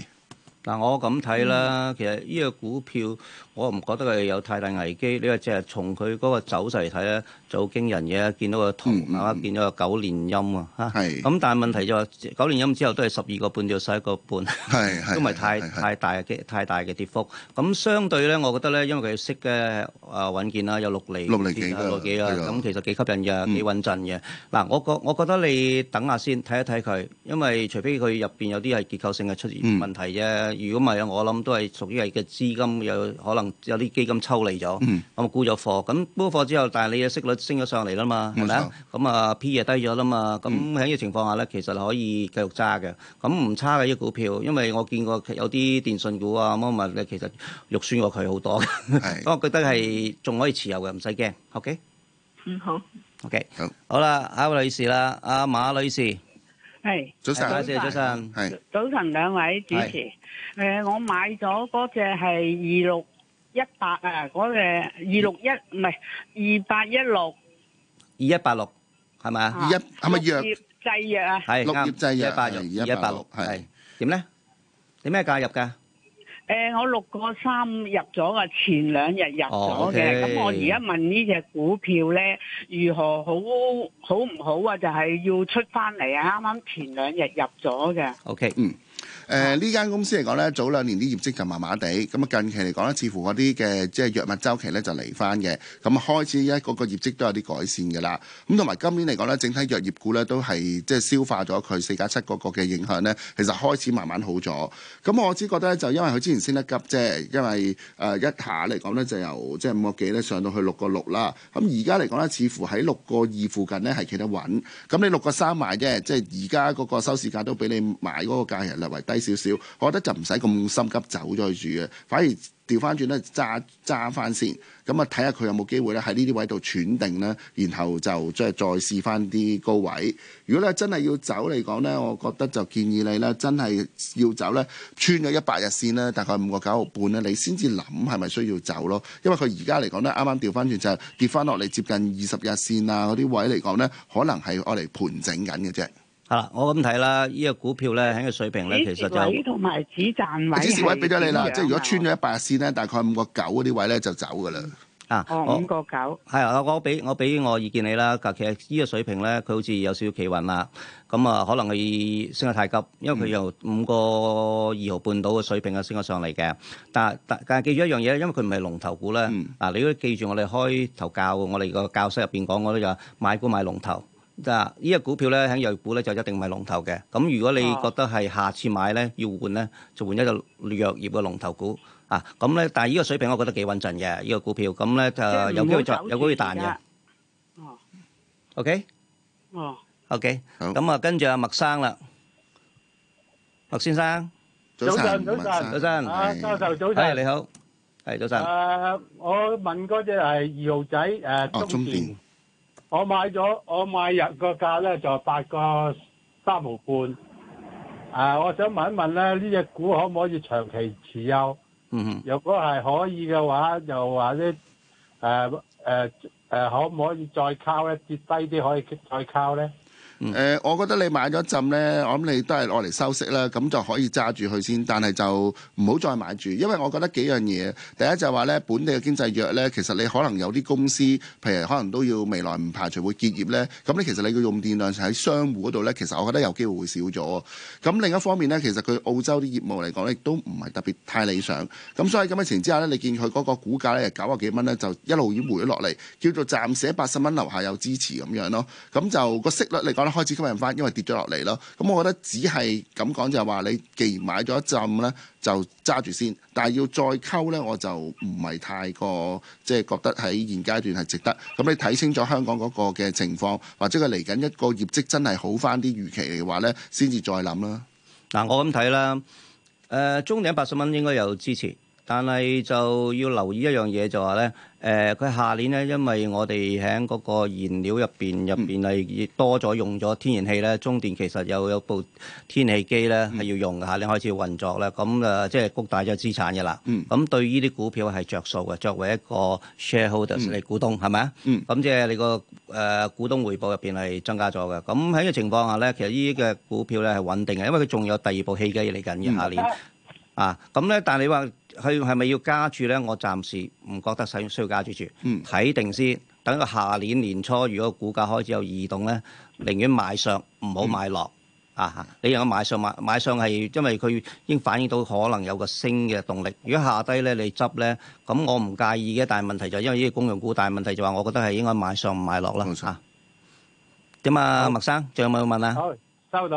但我咁睇啦，嗯、其實呢個股票。我唔覺得佢有太大危機，你話即係從佢嗰個走勢嚟睇咧，就好驚人嘅，見到個圖啊，見到個九連陰啊，嚇。咁但係問題就係九連陰之後都係十二個半到十一個半，都唔係太太大嘅跌太大嘅跌幅。咁相對咧，我覺得咧，因為佢息嘅啊穩健啦，有六釐六釐幾啊，六幾啊，咁其實幾吸引嘅，幾穩陣嘅。嗱，我覺我覺得你等下先睇一睇佢，因為除非佢入邊有啲係結構性嘅出現問題啫，如果唔係啊，我諗都係屬於係嘅資金有可能。有啲基金抽離咗，咁沽咗貨，咁沽咗貨之後，但係你嘅息率升咗上嚟啦嘛，係咪啊？咁啊 P 又低咗啦嘛，咁喺呢個情況下咧，其實可以繼續揸嘅。咁唔差嘅啲股票，因為我見過有啲電信股啊、乜乜嘅，其實肉酸過佢好多。我覺得係仲可以持有嘅，唔使驚。OK。嗯，好。OK。好。好啦，下一位女士啦，阿馬女士。係。早晨，多謝早晨。係。早晨，兩位主持。係。誒，我買咗嗰隻係二六。一百啊，嗰隻二六一唔係二八一六，二一八六係咪啊？二一係咪藥？綠葉製藥啊，係啱，綠葉製藥二一八六，二一八六係點咧？點咩價入噶？誒，我六個三入咗啊，前兩日入咗嘅。咁我而家問呢隻股票咧，如何好好唔好啊？就係要出翻嚟啊！啱啱前兩日入咗嘅。O K，嗯。呢間、呃、公司嚟講呢早兩年啲業績就麻麻地，咁啊近期嚟講咧，似乎嗰啲嘅即係藥物周期呢就嚟翻嘅，咁啊開始一個個業績都有啲改善嘅啦。咁同埋今年嚟講呢，整體藥業股呢都係即係消化咗佢四加七個個嘅影響呢，其實開始慢慢好咗。咁我只覺得咧，就因為佢之前升得急啫，因為誒、呃、一下嚟講呢，就由即係五個幾呢上到去六個六啦。咁而家嚟講呢，似乎喺六個二附近呢係企得穩。咁你六個三買啫，即係而家嗰個收市價都比你買嗰、那個價係略為低。少少，我覺得就唔使咁心急走咗住嘅。反而調翻轉咧揸揸翻先，咁啊睇下佢有冇機會咧喺呢啲位度喘定啦，然後就即係再試翻啲高位。如果咧真係要走嚟講咧，我覺得就建議你咧，真係要走咧穿咗一百日線咧，大概五個九號半咧，你先至諗係咪需要走咯。因為佢而家嚟講咧，啱啱調翻轉就係跌翻落嚟，接近二十日線啊嗰啲位嚟講咧，可能係我嚟盤整緊嘅啫。啊！我咁睇啦，依個股票咧喺個水平咧，其實就止位同埋止賺位。止蝕位俾咗你啦，即係如果穿咗一百日線咧，大概五個九嗰啲位咧就走噶啦。啊，五個九。係啊，我俾我俾我意見你啦。其實依個水平咧，佢好似有少少企穩啦。咁、嗯、啊，嗯、可能佢升得太急，因為佢由五個二毫半到嘅水平啊升咗上嚟嘅。但係但係記住一樣嘢咧，因為佢唔係龍頭股咧。嗱、嗯，啊、你都記住我哋開頭教我哋個教室入邊講，我都有買股買龍頭。啊！依個股票咧喺藥股咧就一定唔係龍頭嘅。咁如果你覺得係下次買咧要換咧，就換一個藥業嘅龍頭股啊！咁咧，但係依個水平我覺得幾穩陣嘅依個股票。咁咧就有機會再有機會彈嘅。哦。O K。哦。O K。好。咁啊，跟住阿麥生啦。麥先生。早晨。早晨。早晨。早晨。教授早晨。哎，你好。係早晨。誒，我問嗰隻係二號仔誒中電。我買咗，我買入個價咧就八個三毫半。誒，我想問一問咧，呢隻股可唔可以長期持有？嗯哼、mm，若、hmm，果係可以嘅話，又話咧，誒誒誒，可唔可以再溝一跌低啲可以再溝咧？誒、嗯呃，我覺得你買咗浸呢，我諗你都係攞嚟收息啦，咁就可以揸住佢先。但係就唔好再買住，因為我覺得幾樣嘢。第一就係話呢本地嘅經濟弱呢，其實你可能有啲公司，譬如可能都要未來唔排除會結業呢。咁你其實你嘅用電量喺商戶嗰度呢，其實我覺得有機會會少咗。咁另一方面呢，其實佢澳洲啲業務嚟講呢，亦都唔係特別太理想。咁所以咁嘅情況之下呢，你見佢嗰個股價呢九十幾蚊呢，就一路要回咗落嚟，叫做暫時喺八十蚊樓下有支持咁樣咯。咁就個息率嚟講開始吸引翻，因為跌咗落嚟咯。咁我覺得只係咁講就係話，你既然買咗一浸呢，就揸住先。但係要再溝呢，我就唔係太過即係、就是、覺得喺現階段係值得。咁你睇清楚香港嗰個嘅情況，或者佢嚟緊一個業績真係好翻啲預期嘅話呢，先至再諗啦。嗱、啊，我咁睇啦。誒、呃，中點八十蚊應該有支持。但係就要留意一樣嘢，就話咧，誒，佢下年咧，因為我哋喺嗰個燃料入邊入邊係多咗用咗天然氣咧，中電其實又有有部天氣機咧係要用嘅，下年開始要運作咧，咁誒、呃、即係谷大咗資產嘅啦。咁、嗯、對呢啲股票係着數嘅，作為一個 shareholders 嚟、嗯、股東係咪啊？咁即係你個誒、呃、股東回報入邊係增加咗嘅。咁喺呢個情況下咧，其實呢啲嘅股票咧係穩定嘅，因為佢仲有第二部氣機嚟緊嘅下年、嗯、啊。咁咧，但係你話。佢係咪要加注咧？我暫時唔覺得使需要加注住，睇定先。等個下年年初，如果股價開始有移動咧，寧願買上，唔好買落、嗯、啊！你如果買上買買上係因為佢已經反映到可能有個升嘅動力。如果下低咧，你執咧，咁我唔介意嘅。但係問題就係因為呢個公用股，但係問題就話，我覺得係應該買上唔買落啦。冇錯。點啊，麥生仲有冇問啊？好，有有問好收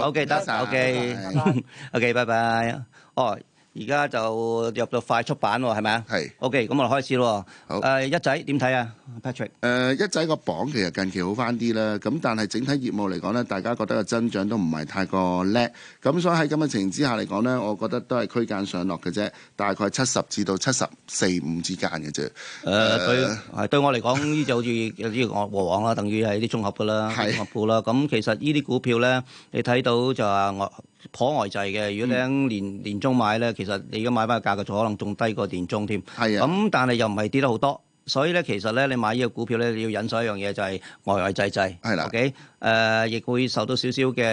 到。OK，得 OK，OK，拜拜。哦、 okay。而家就入到快出版喎，係咪啊？係。O K，咁我開始咯。好。誒一仔點睇啊，Patrick？誒一仔個榜其實近期好返啲啦，咁但係整體業務嚟講咧，大家覺得個增長都唔係太過叻，咁所以喺咁嘅情形之下嚟講咧，我覺得都係區間上落嘅啫，大概七十至到七十四五之間嘅啫。誒對，係對我嚟講，呢就好似有啲和黃啦，等於係啲綜合嘅啦，綜合股啦。咁其實呢啲股票咧，你睇到就話我。頗外滯嘅，如果你喺年年中買咧，其實你而家買翻個價格，就可能仲低過年中添。係啊的，咁、嗯、但係又唔係跌得好多，所以咧其實咧你買呢個股票咧，你要忍受一樣嘢就係外外滯滯係啦。O K，誒亦會受到少少嘅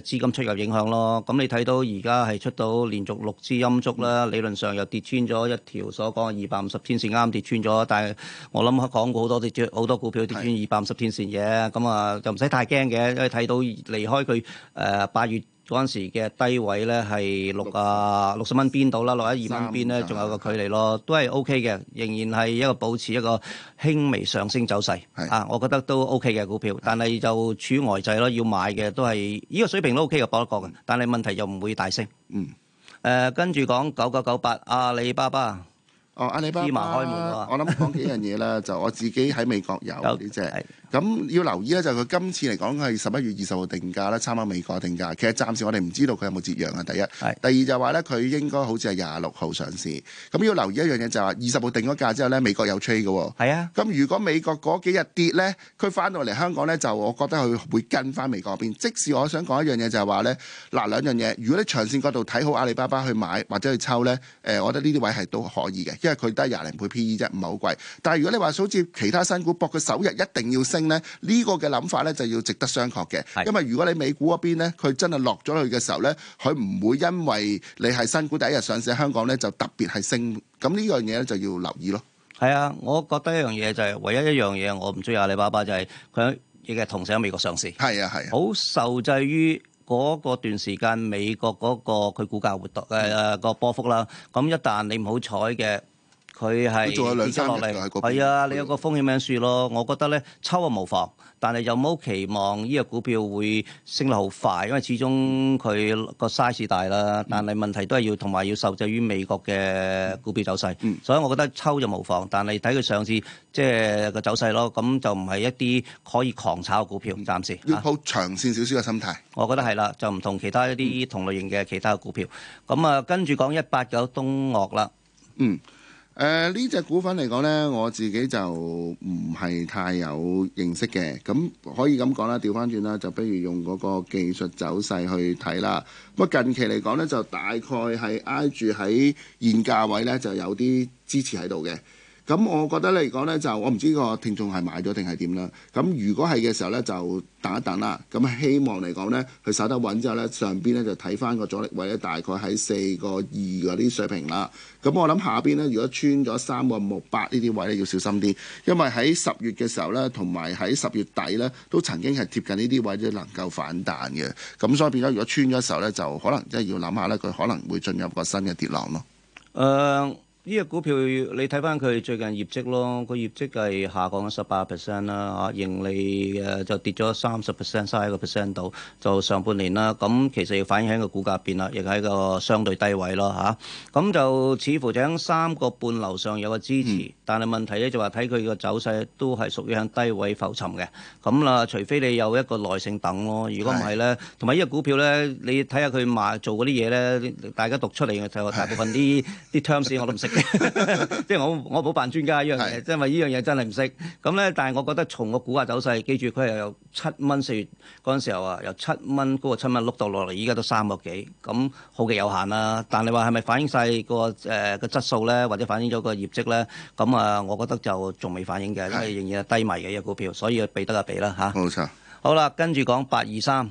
資金出入影響咯。咁、嗯、你睇到而家係出到連續六支陰燭啦，理論上又跌穿咗一條所講嘅二百五十天線，啱跌穿咗，但係我諗講過好多跌穿好多股票跌穿二百五十天線嘅，咁啊的就唔使太驚嘅，因為睇到離開佢誒八月。嗰陣時嘅低位咧係六啊六十蚊邊度啦，落喺二蚊邊咧，仲有個距離咯，都係 O K 嘅，仍然係一個保持一個輕微上升走勢。是的 啊，我覺得都 O K 嘅股票，但係就處外在咯，要買嘅都係呢、這個水平都 O K 嘅博一博嘅，但係問題就唔會大升。呃、98, 爸爸嗯。誒，跟住講九九九八阿里巴巴。哦，阿里巴巴芝麻開門啦！我諗講幾樣嘢啦， 就我自己喺美國有呢隻。90, 咁要留意咧，就佢今次嚟講，佢係十一月二十號定價啦。參考美國定價。其實暫時我哋唔知道佢有冇折讓啊。第一，第二就係話咧，佢應該好似係廿六號上市。咁要留意一樣嘢就係話，二十號定咗價之後咧，美國有 trade 嘅喎。係啊。咁如果美國嗰幾日跌咧，佢翻到嚟香港咧，就我覺得佢會跟翻美國邊。即使我想講一樣嘢就係話咧，嗱，兩樣嘢，如果你長線角度睇好阿里巴巴去買或者去抽咧，誒，我覺得呢啲位係都可以嘅，因為佢得廿零倍 P E 啫，唔係好貴。但係如果你話好似其他新股博，搏佢首日一定要呢個嘅諗法咧就要值得商榷嘅，因為如果你美股嗰邊咧佢真係落咗去嘅時候咧，佢唔會因為你係新股第一日上市喺香港咧就特別係升，咁呢樣嘢咧就要留意咯。係啊，我覺得一樣嘢就係唯一一樣嘢，我唔中意阿里巴巴就係佢亦係同時喺美國上市，係啊係啊，好受制於嗰個段時間美國嗰個佢股價活動誒個波幅啦。咁一旦你唔好彩嘅。佢係跌咗落嚟，係啊，你有個風險名書咯。我覺得咧，抽啊無妨，但係又冇期望呢個股票會升得好快。因為始終佢個 size 大啦，但係問題都係要同埋要受制於美國嘅股票走勢，嗯、所以我覺得抽就無妨，但係睇佢上次即係個走勢咯。咁就唔係一啲可以狂炒嘅股票，暫時好抱長線少少嘅心態。我覺得係啦，就唔同其他一啲同類型嘅其他股票。咁啊，跟住講一八九東岳啦，嗯。誒呢隻股份嚟講呢，我自己就唔係太有認識嘅。咁可以咁講啦，調翻轉啦，就不如用嗰個技術走勢去睇啦。不過近期嚟講呢，就大概係挨住喺現價位呢，就有啲支持喺度嘅。咁我覺得嚟講呢，就我唔知個聽眾係買咗定係點啦。咁如果係嘅時候呢，就等一等啦。咁希望嚟講呢，佢守得穩之後呢，上邊呢就睇返個阻力位呢，大概喺四個二嗰啲水平啦。咁我諗下邊呢，如果穿咗三個六八呢啲位呢，要小心啲，因為喺十月嘅時候呢，同埋喺十月底呢，都曾經係貼近呢啲位都能夠反彈嘅。咁所以變咗，如果穿咗嘅時候呢，就可能即係、就是、要諗下呢，佢可能會進入個新嘅跌浪咯。誒、uh。呢隻股票你睇翻佢最近業績咯，個業績係下降咗十八 percent 啦，盈利嘅就跌咗三十 percent，三一個 percent 度就上半年啦。咁其實要反映喺個股價變啦，亦喺個相對低位咯吓，咁、啊、就似乎就喺三個半樓上有個支持，嗯、但係問題咧就話睇佢個走勢都係屬於喺低位浮沉嘅。咁啦，除非你有一個耐性等咯，如果唔係咧，同埋呢隻股票咧，你睇下佢賣做嗰啲嘢咧，大家讀出嚟嘅就大部分啲啲 terms 我都唔識。 即係我我冇扮專家一樣嘢，即係咪呢樣嘢真係唔識咁咧。但係我覺得從個股價走勢，記住佢係由七蚊四月嗰陣時候啊，由七蚊高個七蚊碌到落嚟，依家都三個幾咁，好嘅有限啦。但係你話係咪反映晒個誒個、呃、質素咧，或者反映咗個業績咧？咁啊，我覺得就仲未反映嘅，因為是仍然係低迷嘅一、這個、股票，所以要避得就避啦吓。冇、啊、錯，好啦，跟住講八二三。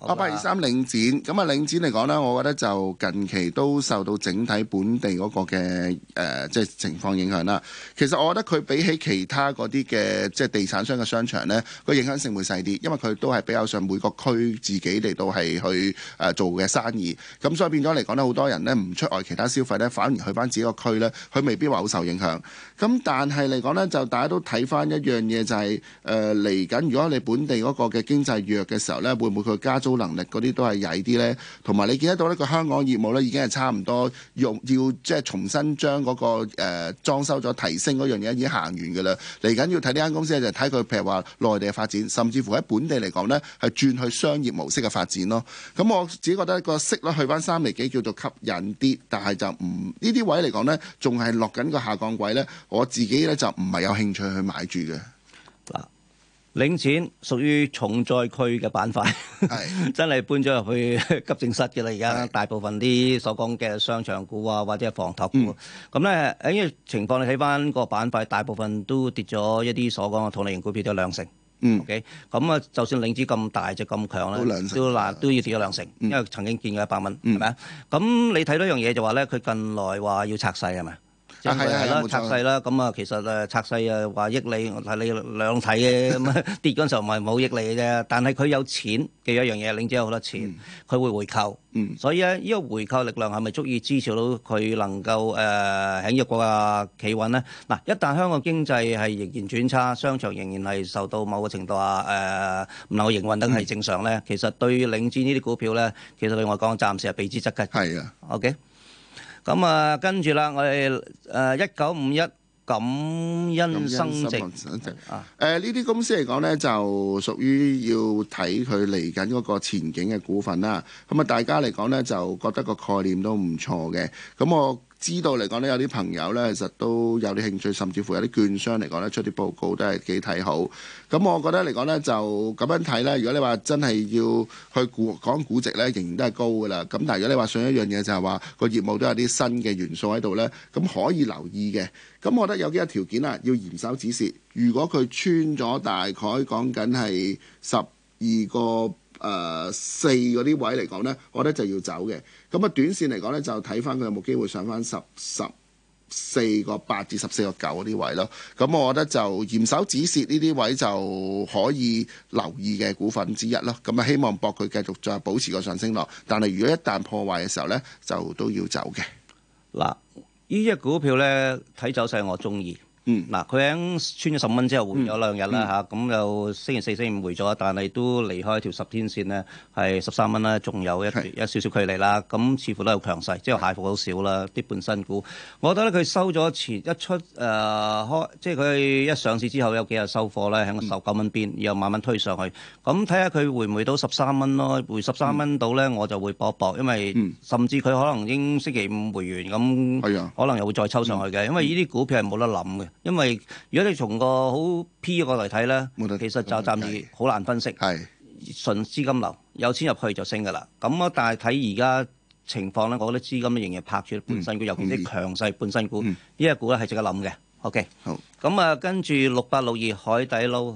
啊，八二三領展咁啊，領展嚟講咧，我覺得就近期都受到整體本地嗰個嘅誒、呃，即係情況影響啦。其實我覺得佢比起其他嗰啲嘅即係地產商嘅商場呢，個影響性會細啲，因為佢都係比較上每個區自己嚟到係去誒、呃、做嘅生意。咁所以變咗嚟講呢，好多人呢唔出外其他消費呢，反而去翻自己個區呢，佢未必話好受影響。咁但係嚟講呢，就大家都睇翻一樣嘢，就係，就係誒嚟緊。如果你本地嗰個嘅經濟弱嘅時候呢，會唔會佢加？能力嗰啲都係曳啲咧，同埋你見得到呢個香港業務咧已經係差唔多用要即係重新將嗰，那個誒、呃、裝修咗提升嗰樣嘢已經行完嘅啦。嚟緊要睇呢間公司就睇，是，佢譬如話內地嘅發展，甚至乎喺本地嚟講咧係轉去商業模式嘅發展咯。咁我自己覺得個息率去翻三厘幾叫做吸引啲，但係就唔呢啲位嚟講咧，仲係落緊個下降軌咧，我自己咧就唔係有興趣去買住嘅。領錢屬於重災區嘅板塊，真係搬咗入去急症室嘅啦！而家大部分啲所講嘅商場股啊，或者係房託股，咁咧因為情況，你睇翻個板塊，大部分都跌咗一啲所講嘅同類型股票，都有兩成。嗯，OK，咁啊，就算領資咁大隻咁強咧，都難都要跌咗兩成，因為曾經見過一百蚊，係咪啊？咁你睇到一樣嘢就話咧，佢近來話要拆曬係咪？啊係啦，拆細啦，咁啊，其實誒拆細啊話益你，但係你兩睇嘅咁啊，跌嗰陣時候唔係冇益你嘅啫。但係佢有錢嘅一樣嘢，領展有好多錢，佢會回購。所以咧，呢個回購力量係咪足以支持到佢能夠誒喺一個啊企穩咧？嗱，一旦香港經濟係仍然轉差，商場仍然係受到某個程度啊誒唔能夠營運，等係正常咧。其實對領展呢啲股票咧，其實對我講暫時係避之則吉。係啊，OK。咁啊、嗯，跟住啦，我哋誒一九五一感恩生值，誒呢啲公司嚟講呢，就屬於要睇佢嚟緊嗰個前景嘅股份啦。咁啊，大家嚟講呢，就覺得個概念都唔錯嘅。咁我知道嚟講呢，有啲朋友呢，其實都有啲興趣，甚至乎有啲券商嚟講呢，出啲報告都係幾睇好。咁、嗯、我覺得嚟講呢，就咁樣睇呢。如果你話真係要去估講估值呢，仍然都係高噶啦。咁、嗯、但係如果你話上一樣嘢就係話個業務都有啲新嘅元素喺度呢，咁、嗯、可以留意嘅。咁、嗯、我覺得有幾個條件啦，要嚴守止蝕。如果佢穿咗大概講緊係十二個誒四嗰啲位嚟講呢，我覺得就要走嘅。咁啊，短線嚟講呢，就睇返佢有冇機會上返十十四個八至十四個九嗰啲位咯。咁我覺得就嚴守止蝕呢啲位就可以留意嘅股份之一咯。咁啊，希望博佢繼續再保持個上升落。但係如果一旦破壞嘅時候呢，就都要走嘅。嗱，呢隻股票呢，睇走勢我中意。嗱，佢喺、嗯、穿咗十蚊之後，換咗兩日啦嚇，咁、嗯嗯啊、又星期四、星期五回咗，但係都離開條十天線咧，係十三蚊啦，仲有一一少少距離啦，咁是似乎都係好強勢，即係蟹貨好少啦，啲半新股，我覺得咧佢收咗前一出誒開、呃，即係佢一上市之後有幾日收貨咧，喺個十九蚊邊，又慢慢推上去，咁睇下佢回唔回到十三蚊咯，回十三蚊到咧，嗯、我就會搏搏，因為甚至佢可能已經星期五回完，咁可能又會再抽上去嘅，因為呢啲股票係冇得諗嘅。因為如果你從個好 P 個嚟睇咧，其實就暫時好難分析。係純資金流有錢入去就升嘅啦。咁啊，但係睇而家情況咧，我覺得資金仍然拍住半新股，嗯、尤其啲強勢半新股呢一、嗯、股咧係值得諗嘅。OK，好。咁啊、嗯，跟住六八六二海底撈。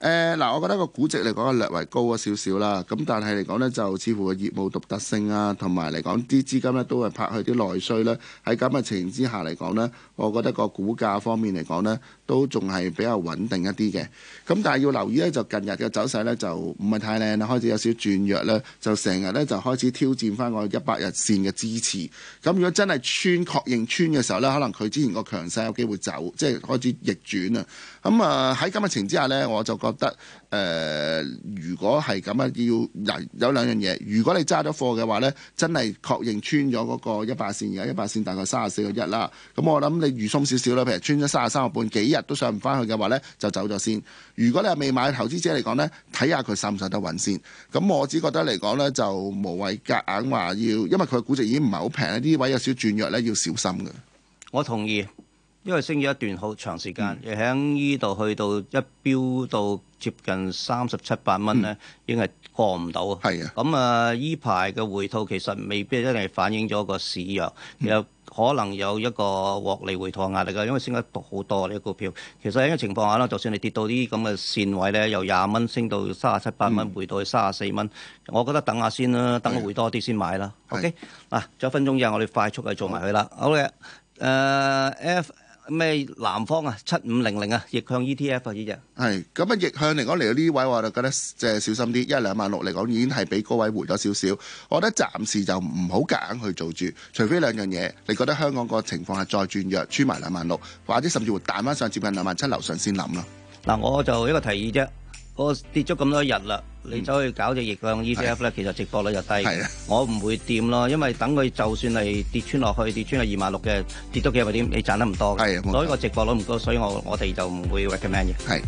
誒嗱、呃，我覺得個估值嚟講係略為高咗少少啦，咁但係嚟講呢，就似乎個業務獨特性啊，同埋嚟講啲資金呢，都係拍去啲內需啦。喺咁嘅情形之下嚟講呢，我覺得個股價方面嚟講呢，都仲係比較穩定一啲嘅。咁但係要留意呢，就近日嘅走勢呢，就唔係太靚啦，開始有少轉弱咧，就成日呢，就開始挑戰翻個一百日線嘅支持。咁如果真係穿確認穿嘅時候呢，可能佢之前個強勢有機會走，即係開始逆轉啊！咁啊喺今日情之下呢，我就覺得誒、呃，如果係咁啊，要有兩樣嘢。如果你揸咗貨嘅話呢，真係確認穿咗嗰個一百線，而家一百線大概三十四個一啦。咁我諗你預鬆少少啦，譬如穿咗三十三個半幾日都上唔翻去嘅話呢，就走咗先。如果你係未買投資者嚟講呢，睇下佢受唔受得穩先。咁、嗯、我只覺得嚟講呢，就無謂夾硬話要，因為佢估值已經唔係好平，呢啲位有少轉弱呢，要小心嘅。我同意。因為升咗一段好長時間，你喺呢度去到一飆到接近三十七八蚊咧，嗯、已經係過唔到啊。係啊、嗯，咁啊，依排嘅回吐其實未必一定係反映咗個市弱，有可能有一個獲利回吐壓力嘅。因為升得好多呢、呢個股票，其實喺呢個情況下咧，就算你跌到啲咁嘅線位咧，由廿蚊升到三十七八蚊，嗯、回到去三十四蚊，我覺得等下先啦，等個回多啲先買啦。OK，嗱，仲有一分鐘之後我哋快速嘅做埋佢啦。好嘅，F。咩南方啊，七五零零啊，逆向 ETF 啊呢隻，係咁啊，逆向嚟講嚟到呢位，我就覺得即係小心啲，因為兩萬六嚟講已經係比高位回咗少少，我覺得暫時就唔好夾硬去做住，除非兩樣嘢，你覺得香港個情況係再轉弱，穿埋兩萬六，或者甚至乎彈翻上接近兩萬七樓上先諗囉。嗱，我就一個提議啫。跌咗咁多日啦，你走去搞隻逆向 ETF 咧，e、F, 的其實值博率就低。的我唔會掂咯，因為等佢就算係跌穿落去，跌穿係二萬六嘅，跌多幾百點，你賺得唔多嘅。所以個值博率唔高，所以我我哋就唔會 recommend 嘅。